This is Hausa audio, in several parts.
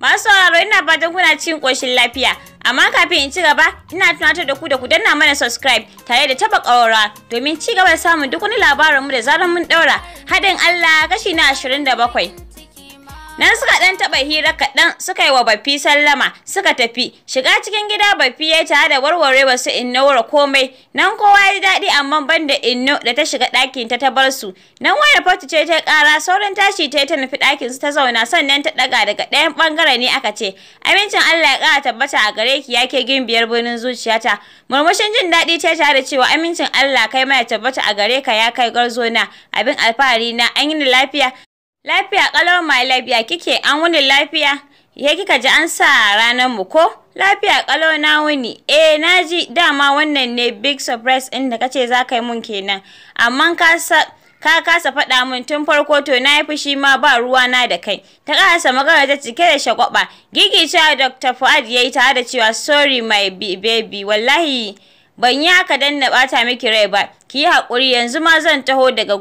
Masu sauraro ina fatan kuna cin ƙoshin lafiya. Amma kafin in ci gaba, ina tunatar da ku da ku danna mana subscribe tare da taba ƙaura domin ci gaba da samun duk wani labarinmu da zarar mun ɗaura. Haɗin Allah kashi na ashirin da bakwai. Nan suka ɗan taɓa hira kaɗan suka yi wa Baffi sallama suka tafi. Shiga cikin gida Baffi ya tare da warware wasu innowar komai. Nan kowa ya daɗi amma ban da inno da ta shiga ɗakin ta ta bar su. Nan waya fatu ce ta ƙara saurin tashi ta ta nufi ɗakin su ta zauna sannan ta ɗaga daga ɗayan ɓangare ne aka ce. Amincin Allah ya ƙara tabbata a gare ki ya ke gimbiyar birnin zuciyata. Murmushin jin daɗi ce tare da cewa amincin Allah kai ma ya tabbata a gare ka ya kai garzona abin alfahari na an yi lafiya Lafiya ƙalau mai lafiya kike an wuni lafiya? Ya kika ji an sa ranar mu ko? Lafiya ƙalau na wuni. Eh na ji dama wannan ne big surprise ɗin da kace za ka yi mun kenan. Amma ka sa ka kasa faɗa min tun farko to na yi fushi ma ba ruwa na da kai ta ƙasa magana ta cike da Gigi gigicewa dr fuad ya yi tare da cewa sorry my baby wallahi ban yi haka dan na ɓata miki rai ba ki yi haƙuri yanzu ma zan taho daga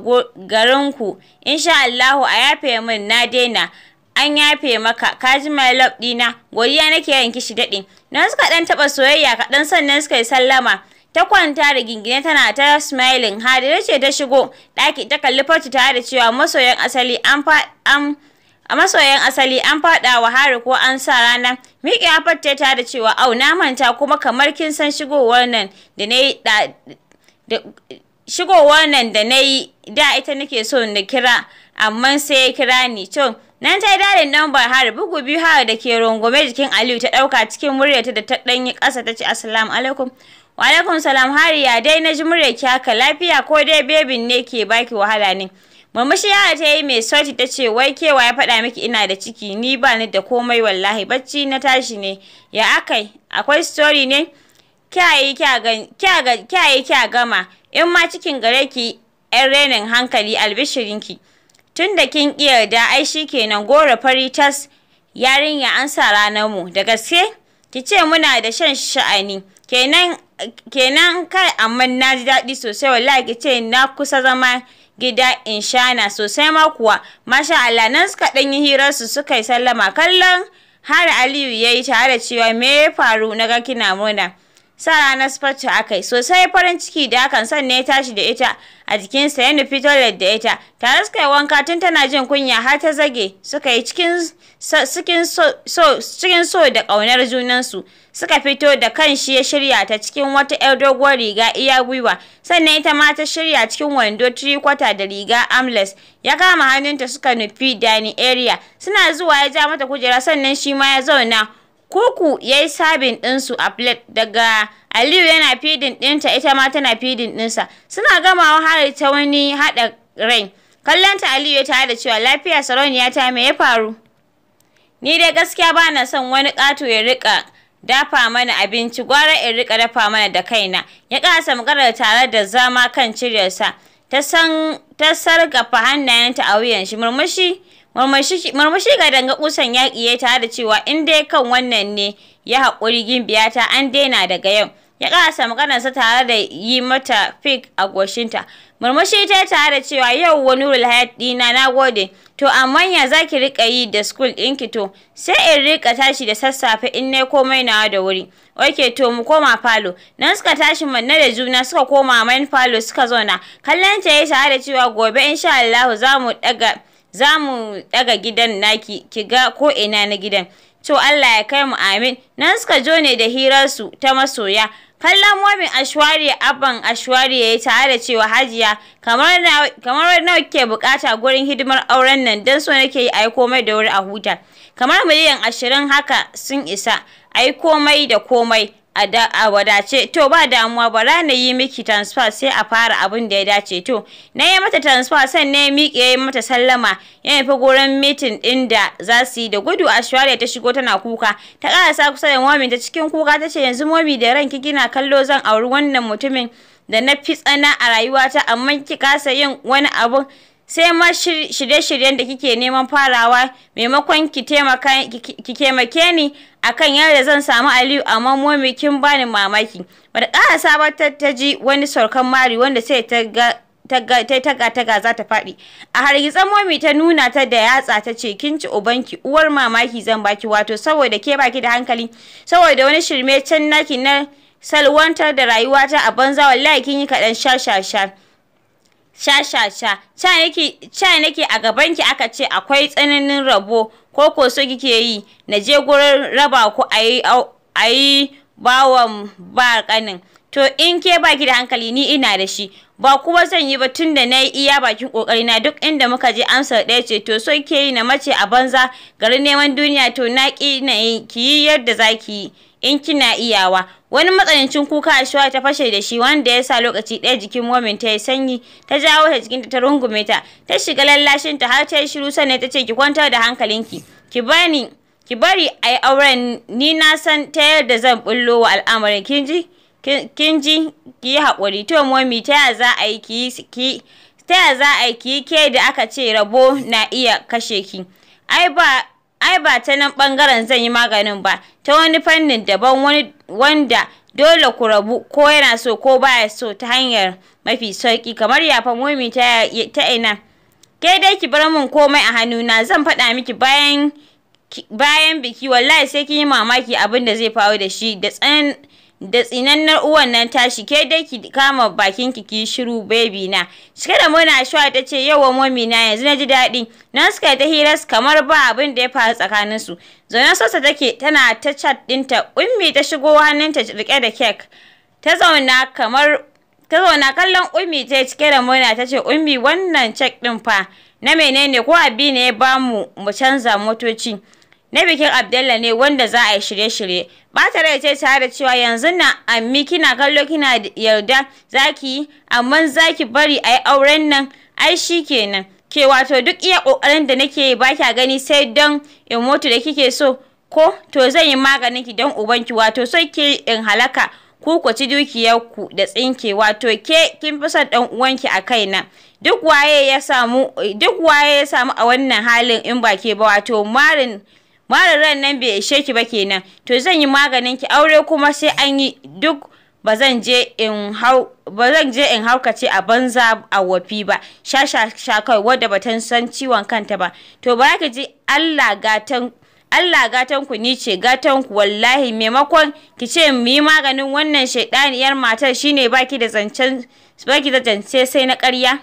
garinku insha Allahu a yafe min na daina an yafe maka ka ji mai love ɗina godiya nake yin kishi daɗi na suka ɗan taɓa soyayya kaɗan sannan suka yi sallama ta kwanta da gingine tana ta smiling hadira ce ta shigo ɗaki ta kalli farci tare da cewa masoyan asali an an A masoyan asali an fada wa hari ko an sa rana, Miki ya ta da cewa au na manta kuma kamar kin san shigowar nan da na yi da ita nake so na kira amma sai ya kira ni to nan ta yi dalin lambar hari bugu biyu hari da ke rungume jikin Aliyu ta ɗauka cikin muryarta da ta ɗanyi ƙasa ta ce assalamu alaikum wa salam hari ya dai na ji muryarki haka lafiya ko dai bebin ne ke baki wahala ne Murmushi yara ta yi mai sauti ta ce wai kewa ya faɗa miki ina da ciki ni ba ni da komai wallahi bacci na tashi ne. Ya akai akwai story ne? Kyayi kya gama in ma cikin gare ki yan renin hankali albishirin ki. Tun da kin ƙi yarda ai shi kenan gora fari tas yarinya an sa ranar mu da gaske ki ce muna da shan sha'ani kenan kenan kai amma na ji daɗi sosai wallahi ki ce na kusa zama gida Inshana sosai ma kuwa. Masha Allah nan suka ɗan yi hirar su suka yi sallama kallon har Aliyu yayi yi tare cewa me ya faru naga kina muna sa ranar sifarci aka yi sosai farin ciki da hakan sannan ya tashi da ita a jikinsa ya nufi toilet da ita tare suka yi wanka tun tana jin kunya har ta zage suka yi cikin so da kaunar junansu suka fito da kan shi ya shirya ta cikin wata 'yar doguwar riga iya gwiwa sannan ita ma ta shirya cikin wando trikwata da riga amles ya kama hannunta suka nufi dining area suna zuwa ya ja mata kujera sannan shi ma ya zauna Kuku ya yi sabin ɗinsu a plate daga Aliyu yana fidin ɗinta ita ma tana fidin ɗinsa. Suna gamawa har ta wani haɗa rai. Kallonta Aliyu ya tare da cewa lafiya sarauniya ta me ya faru? Ni dai gaskiya ba na son wani ƙato ya riƙa dafa mana abinci gwara in riƙa dafa mana da kaina. Ya ƙasa maganar tare da zama kan ciryarsa. Ta san ta sarƙafa hannayenta a wuyan shi murmushi. Murmushi ga danga kusan ya tare da cewa in dai kan wannan ne ya haƙuri gimbiyata an daina daga yau. Ya ƙasa maganarsa tare da yi mata fik a goshinta. Murmushi ta tare da cewa yau wani Hayat ɗina na gode. To amma ya za ki riƙa yi da school ki to sai in riƙa tashi da sassafe in nai komai nawa da wuri. Ok to mu koma falo. Nan suka tashi manne da juna suka koma main falo suka zauna. Kallon ta yi tare da cewa gobe insha Allah za mu ɗaga za mu daga gidan naki ki ga ko ina na gidan to Allah ya kai mu amin nan suka jo ne da hirarsu ta masoya kallon mumin ashwari abban ashwari ya yi tare da cewa hajiya kamar nawa kike bukata gurin hidimar auren nan don so nake yi ai komai da wuri a huta kamar miliyan ashirin haka sun isa ai komai da komai a wadace to ba damuwa ba na yi miki transfer sai a fara abin da ya dace to na yi mata transfer sannan ya miƙe ya yi mata sallama ya nufi gurin mitin ɗin da za su yi da gudu a shuwari ta shigo tana kuka ta sa kusa da momi ta cikin kuka ta ce yanzu momi da ranki kina kallo zan auri wannan mutumin da na fi tsana a rayuwata amma ki kasa yin wani abu. sai ma shirye-shiryen da kike neman farawa maimakon ki taimake ni a kan yadda zan samu Aliyu amma momi kin bani mamaki bata ƙara sabar ta ji wani saukan mari wanda sai ta ga taga za ta faɗi a hargitsan momi ta nuna ta da yatsa ta ce kin ci ubanki uwar mamaki zan baki wato saboda ke baki da hankali saboda wani shirme can naki na salwantar da rayuwata a banza wallahi kin yi kaɗan sha sha sha sha sha sha sha nake a gabanki aka ce akwai tsananin rabo ko ko so kike yi na je gurin raba ku ayi ayi bawan ba kanin to in ke baki da hankali ni ina da shi ba kuma zan yi ba tunda na yi iya bakin kokari na duk inda muka je amsar ɗaya ce to so ke yi na mace a banza garin neman duniya to na ki na yi ki yi yadda za yi in kina iyawa wani matsanancin kuka Ashwa ta fashe da shi wanda ya sa lokaci ɗaya jikin women ta yi sanyi ta jawo ta jikinta ta rungume ta ta shiga lallashin ta har ta yi shiru sannan ta ce ki kwantar da hankalinki ki bani ki bari a yi auren ni na san ta yadda zan bullo wa al'amarin kin ji kin ji ki yi haƙuri to momi ta ya za a yi ki ta ya za a yi ki ke da aka ce rabo na iya kashe ki ai ba ai ba ta nan ɓangaren zan yi maganin ba ta wani fannin daban wanda dole ku rabu ko yana so ko baya so ta hanyar mafi sauƙi kamar yafa momi ta ina ke dai ki bar min komai a hannuna zan faɗa miki bayan bayan biki wallahi sai kin yi mamaki abin da zai faru da shi da tsan da tsinannar uwan nan tashi ke dai ki kama bakin ki ki shiru baby na cike da muna shuwa ta ce yawa mami na yanzu na ji daɗi nan suka ta hiras kamar ba abin da ya faru tsakanin su zaune sosa take tana ta chat ɗinta ummi ta shigo hannunta rike da kek ta zauna kamar ta zauna kallon ummi ta cike da muna ta ce ummi wannan cek ɗin fa na menene ko abi ne ya bamu mu canza motoci na bikin Abdalla ne wanda za a yi shirye-shirye. Bata rai ce tare da cewa yanzu na ammi kina kallo kina yarda zaki yi amma zaki bari a yi auren nan ai shi kenan. Ke wato duk iya ƙoƙarin da nake yi ba kya gani sai don in mutu da kike so ko to zan yi maganin ki don ubanki wato so ke in halaka ku ku ci dukiyarku da tsinke wato ke kin fi son ɗan uwanki a kaina. Duk waye ya samu duk waye ya samu a wannan halin in ba ke ba wato marin ran nan bai ishe ki ba kenan to zan yi maganin ki aure kuma sai an yi duk bazan je in hau bazan je in haukace a banza a wafi ba sha sha sha kai wanda san ciwon kanta ba to ba ki ji Allah gatan Allah gatan ku ni ce gatan ku wallahi maimakon ki ce mu yi maganin wannan shaidaniyar matar shine baki da zancen baki da zance sai na ƙarya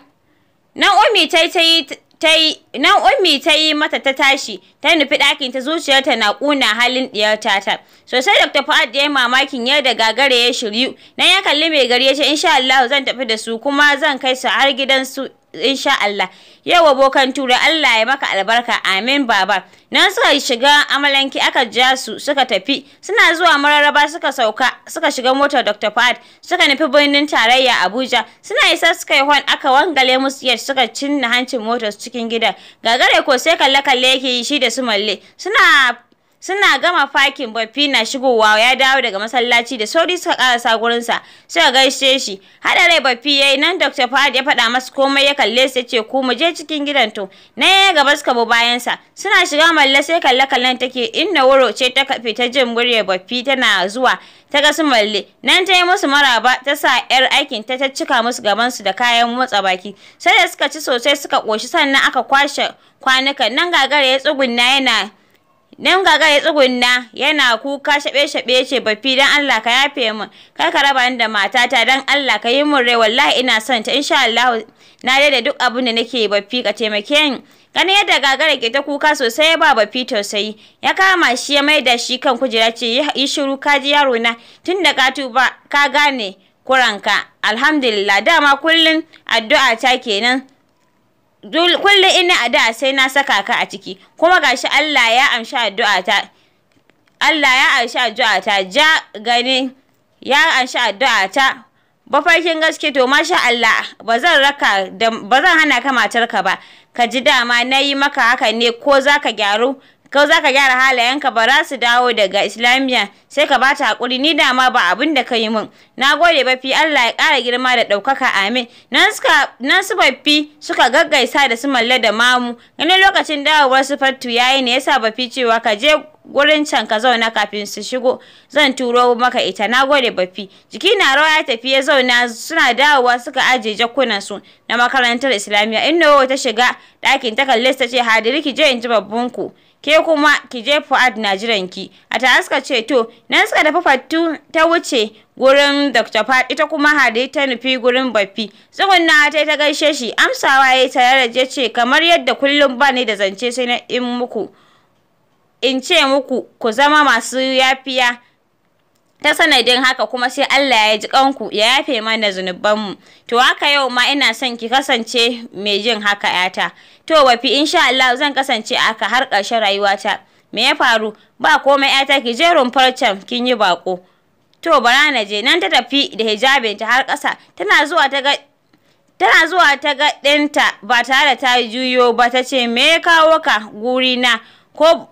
nan ummi tai ta yi yi nan ummi ta yi mata ta tashi ta nufi ɗakin ta zuciyarta na ƙuna halin ɗiyarta ta sosai dr fa'ad ya yi mamakin yadda gagara ya shiryu nan ya kalli mai gari ya ce insha allahu zan tafi da su kuma zan kai su har gidan su insha Allah yau bokan turai Allah ya maka albarka amin baba nan suka shiga amalanki aka ja su suka tafi suna zuwa mararaba suka sauka suka shiga motar Dr. Fad suka nufi birnin tarayya Abuja suna isa suka yi hon aka wangale musu yadda suka cinna hancin motar cikin gida gagare ko sai kalle kalle yake yi shi da su malle suna Suna gama fakin baffi na shigowa ya dawo daga masallaci da sauri suka karasa gurinsa suka gaishe shi. Haɗa rai baffi ya yi nan Dr. Fahad ya faɗa masa komai ya kalle su ya ce ku mu je cikin gidan to. Na ya gaba suka bi bayansa. Suna shiga malla sai kalle kallen take inna wuro ce ta kafe ta jin murya, baffi tana zuwa ta ga su malle. Nan ta yi musu maraba ta sa 'yar aikin ta ta cika musu gaban su da kayan motsa baki. Sai da suka ci sosai suka ƙoshi sannan aka kwashe kwanukan nan gagara ya tsugunna yana gaga ya tsugunna yana kuka shaɓe-shaɓe ce baffi dan Allah ka yafe min karka ka raba ni da matata dan Allah ka yi min rai wallahi ina son ta insha Allah na da duk abun da nake baffi ka taimake ni Gani yadda gagara ke ta kuka sosai ya ba bafi tausayi ya kama shi ya mai da shi kan kujera ce yi shiru ka ji yaro na tun da ka tuba ka gane kuranka alhamdulillah dama kullum addu'a ta kenan kullum ina da sai na saka ka a ciki kuma gashi Allah ya amshi addu'a ta Allah ya amshi addu'a ta ja gani ya amshi addu'a ta farkin gaske to masha Allah ba zan raka ba zan hana ka matarka ba ka ji dama na yi maka haka ne ko za ka gyaru kau ka gyara halayenka ba za su dawo daga islamiyya sai ka bata hakuri ni da ma ba abin da ka yi min na gode fi Allah ya ƙara girma da ɗaukaka amin nan suka nan su baffi suka gaggaisa da su malle da mamu ganin lokacin dawowar su fattu yayi ne yasa bafi cewa ka je gurin can ka zauna kafin su shigo zan turo maka ita na gode bafi. jiki na rawa ya tafi ya zauna suna dawowa suka ajiye jakunan su na makarantar islamiyya inda ta shiga ɗakin ta kalle ta ce hadiriki je in ji babbunku ke kuma ki je Fuad na jiran ki. aska ce to, nan suka tafi fattu ta wuce gurin Dr. Fad ita kuma Hade ta nufi gurin Baffi. Tsugunna ta ta gaishe shi, amsawa yayi ta da ce kamar yadda kullum ba ni da zance sai na in muku. In ce muku ku zama masu yafiya ta sanadin haka kuma sai Allah ya ji kanku ya yafe mana zunubanmu to haka yau ma ina son ki kasance mai jin haka yata to wafi insha Allah zan kasance aka har ƙarshen rayuwata me ya faru ba komai yata ki je rumfar can kin yi bako to bara na je nan ta tafi da hijabinta har ƙasa tana zuwa ta ga tana zuwa ta ga ɗinta ba tare da ta juyo ba ta ce me ya kawo ka guri na ko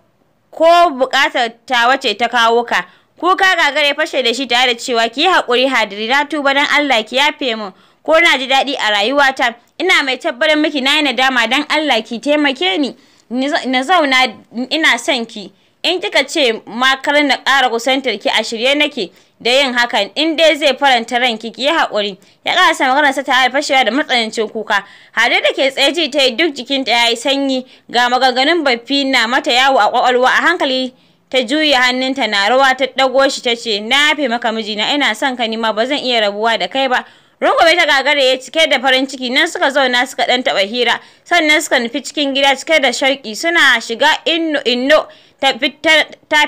ko buƙatar ta wace ta kawo ka Kuka gagare fashe da shi tare da cewa ki yi haƙuri hadiri na tuba don Allah ki yafe mu Ko na ji daɗi a rayuwata. Ina mai tabbatar miki na yi nadama don Allah ki taimake ni. Na zauna ina son ki. In kika ce ma kar na ƙara kusantar ki a shirye nake da yin hakan in dai zai faranta ranki ki yi haƙuri. Ya ƙarasa maganarsa tare da fashewa da matsanancin kuka. Hade da ke tsaye ji ta yi duk jikinta ya yi sanyi ga maganganun baffi na mata yawo a ƙwaƙwalwa a hankali ta juya hannunta na rawa ta dago shi ta ce na yafe maka mijina ina son ka nima ba zan iya rabuwa da kai ba rungume ta gagara ya cike da farin ciki nan suka zauna suka ɗan taɓa hira sannan suka nufi cikin gida cike da sharki suna shiga inno inno ta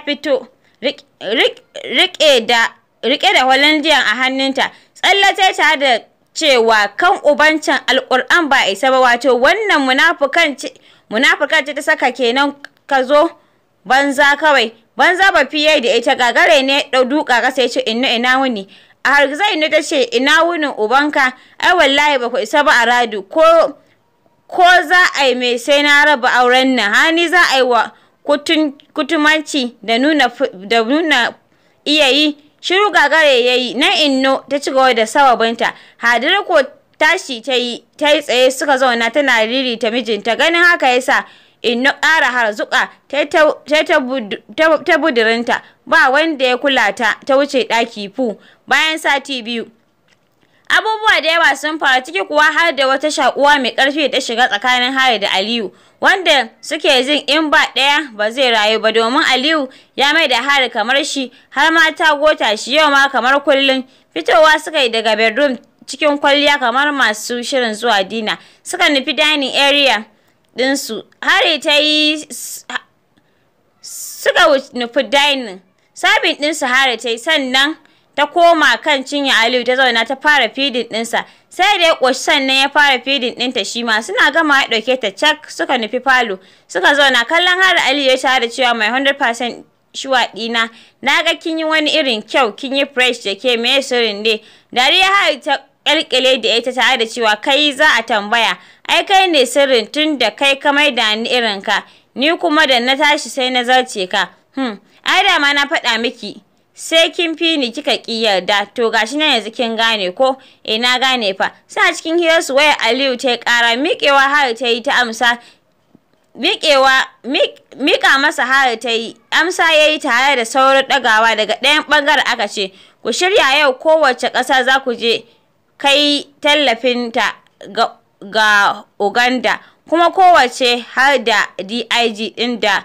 fito da rike da Hollandiyan a hannunta tsallace ta da cewa kan ubancin alƙur'an ba isa ba wato wannan munafukan ce ta saka kenan ka zo banza kawai banza ba fiye da ita gagare ne dau duka kasa ya ce inna ina wuni a hargitsa inna ta ce ina wunin ubanka ai wallahi ba ku isa ba a radu ko ko za a yi mai sai na raba auren nan hani za a yi wa kutumanci da nuna da nuna iya yi shiru gagare ya yi nan inno ta ci gaba da sawabinta hadira ko tashi ta yi tsaye suka zauna tana riri ta mijinta ganin haka yasa sa inno ƙara harzuka ta budurinta ba wanda ya kula ta ta wuce ɗaki fu bayan sati biyu abubuwa da yawa sun faru ciki kuwa har da wata shakuwa mai ƙarfi ta shiga tsakanin Hari da Aliyu wanda suke jin in ba ɗaya ba zai rayu ba domin Aliyu ya mai da Hari kamar shi har ma ta gota shi yau ma kamar kullum fitowa suka yi daga bedroom cikin kwalliya kamar masu shirin zuwa dina suka nufi dining area ɗinsu hari ta yi suka nufi dainin sabin ɗinsu hari ta yi sannan ta koma kan cinye Aliyu ta zauna ta fara fidin ɗinsa sai da ya ƙoshi sannan ya fara fidin ɗinta shi ma suna gama ya ɗauke ta cak suka nufi falo suka zauna kallon har Aliyu ya shahara cewa mai 100% shuwa ɗina na ga kin yi wani irin kyau kin yi fresh da ke me sirrin dai dariya har ta kyalkyale da ita tare da cewa kai za a tambaya ai kai ne sirrin tun da kai ka mai da ni irin ka ni kuma da na tashi sai na zarce ka hmm ai da ma na faɗa miki sai kin fi ni kika ki yarda to gashi na yanzu kin gane ko eh na gane fa sa cikin su waya Aliyu ta ƙara miƙewa har ta yi ta amsa miƙewa miƙa masa har ta yi amsa ya yi tare da saurin ɗagawa daga ɗayan ɓangare aka ce ku shirya yau kowace ƙasa za ku je kai tallafinta ga, ga Uganda, kuma kowace har da DIG ɗin da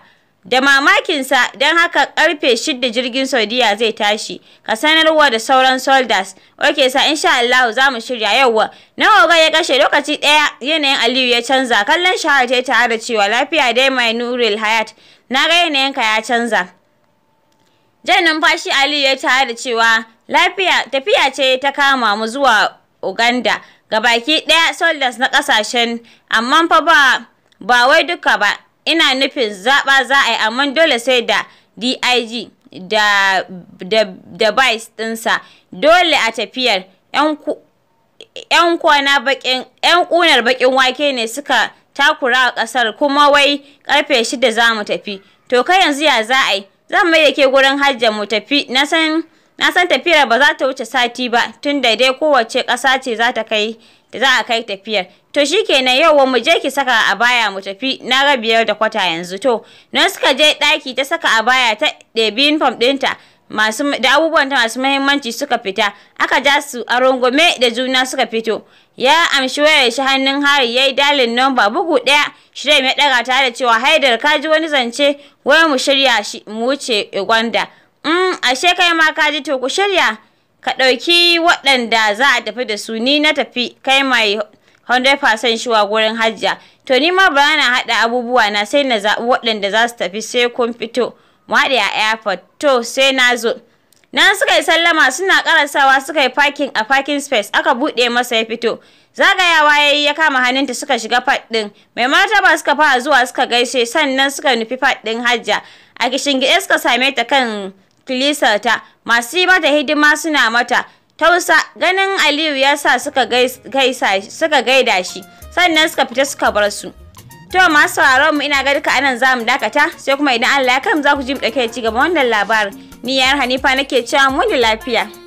da mamakinsa don haka karfe shidda jirgin Saudiya zai tashi ka sanarwa da sauran soldiers Ok sa insha Allah za mu shirya yauwa nawa ga ya kashe lokaci daya yanayin Aliyu ya canza kallon shahar ta tare da cewa lafiya dai mai Nuril Hayat na ga yanayin ka ya canza jan numfashi Aliyu ya tare da cewa lafiya tafiya ce ta kama mu zuwa Uganda ga baki ɗaya soldiers na ƙasashen amma fa ba ba wai duka ba ina nufin zaɓa za a yi amma dole sai da DIG da da da dole a tafiyar 'yan kwana bakin 'yan ƙunar bakin wake ne suka takura a ƙasar kuma wai ƙarfe shida za mu tafi to kai yanzu ya za a yi zan mai da ke gurin hajjar mu tafi na san Na san tafiyar ba za ta wuce sati ba, tun da dai kowace ƙasa ce za ta kai da za a kai tafiyar. To shi kenan yau wa mu je ki saka a baya mu tafi na ga biyar da kwata yanzu to. Nan suka je ɗaki ta saka a baya ta ɗebi uniform ɗinta. Masu, da abubuwan ta masu muhimmanci suka fita aka ja su a rungume da juna suka fito ya amshi wayar shi hannun hari yayi dalin nomba bugu daya shirya ya daga tare da cewa haidar ka ji wani zance wai mu shirya shi mu wuce uganda Mm, ashe kai ma ka ji to ku shirya. Ka ɗauki waɗanda za a tafi da su ni na tafi kai mai 100% shuwa gurin hajja. To ni ma ba na haɗa abubuwa na sai na zaɓi waɗanda za su tafi sai kun fito. Mu haɗe a airport to sai na zo. Nan suka yi sallama suna karasawa suka yi parking a parking space aka buɗe masa ya fito. Zagayawa ya yi ya kama hannunta suka shiga fad ɗin. Mai martaba suka fara zuwa suka gaishe sannan suka nufi fad ɗin hajja. A kishin gida suka same ta kan kilisarta masu yi mata hidima suna mata tausa ganin aliyu ya sa suka gaida shi sannan suka fita suka bar su to masu sauraron mu ina ga duka anan za dakata sai kuma idan allah ya mu za ku ji mu dauke ci gaba wannan labarin ni yar hanifa nake cewa mu lafiya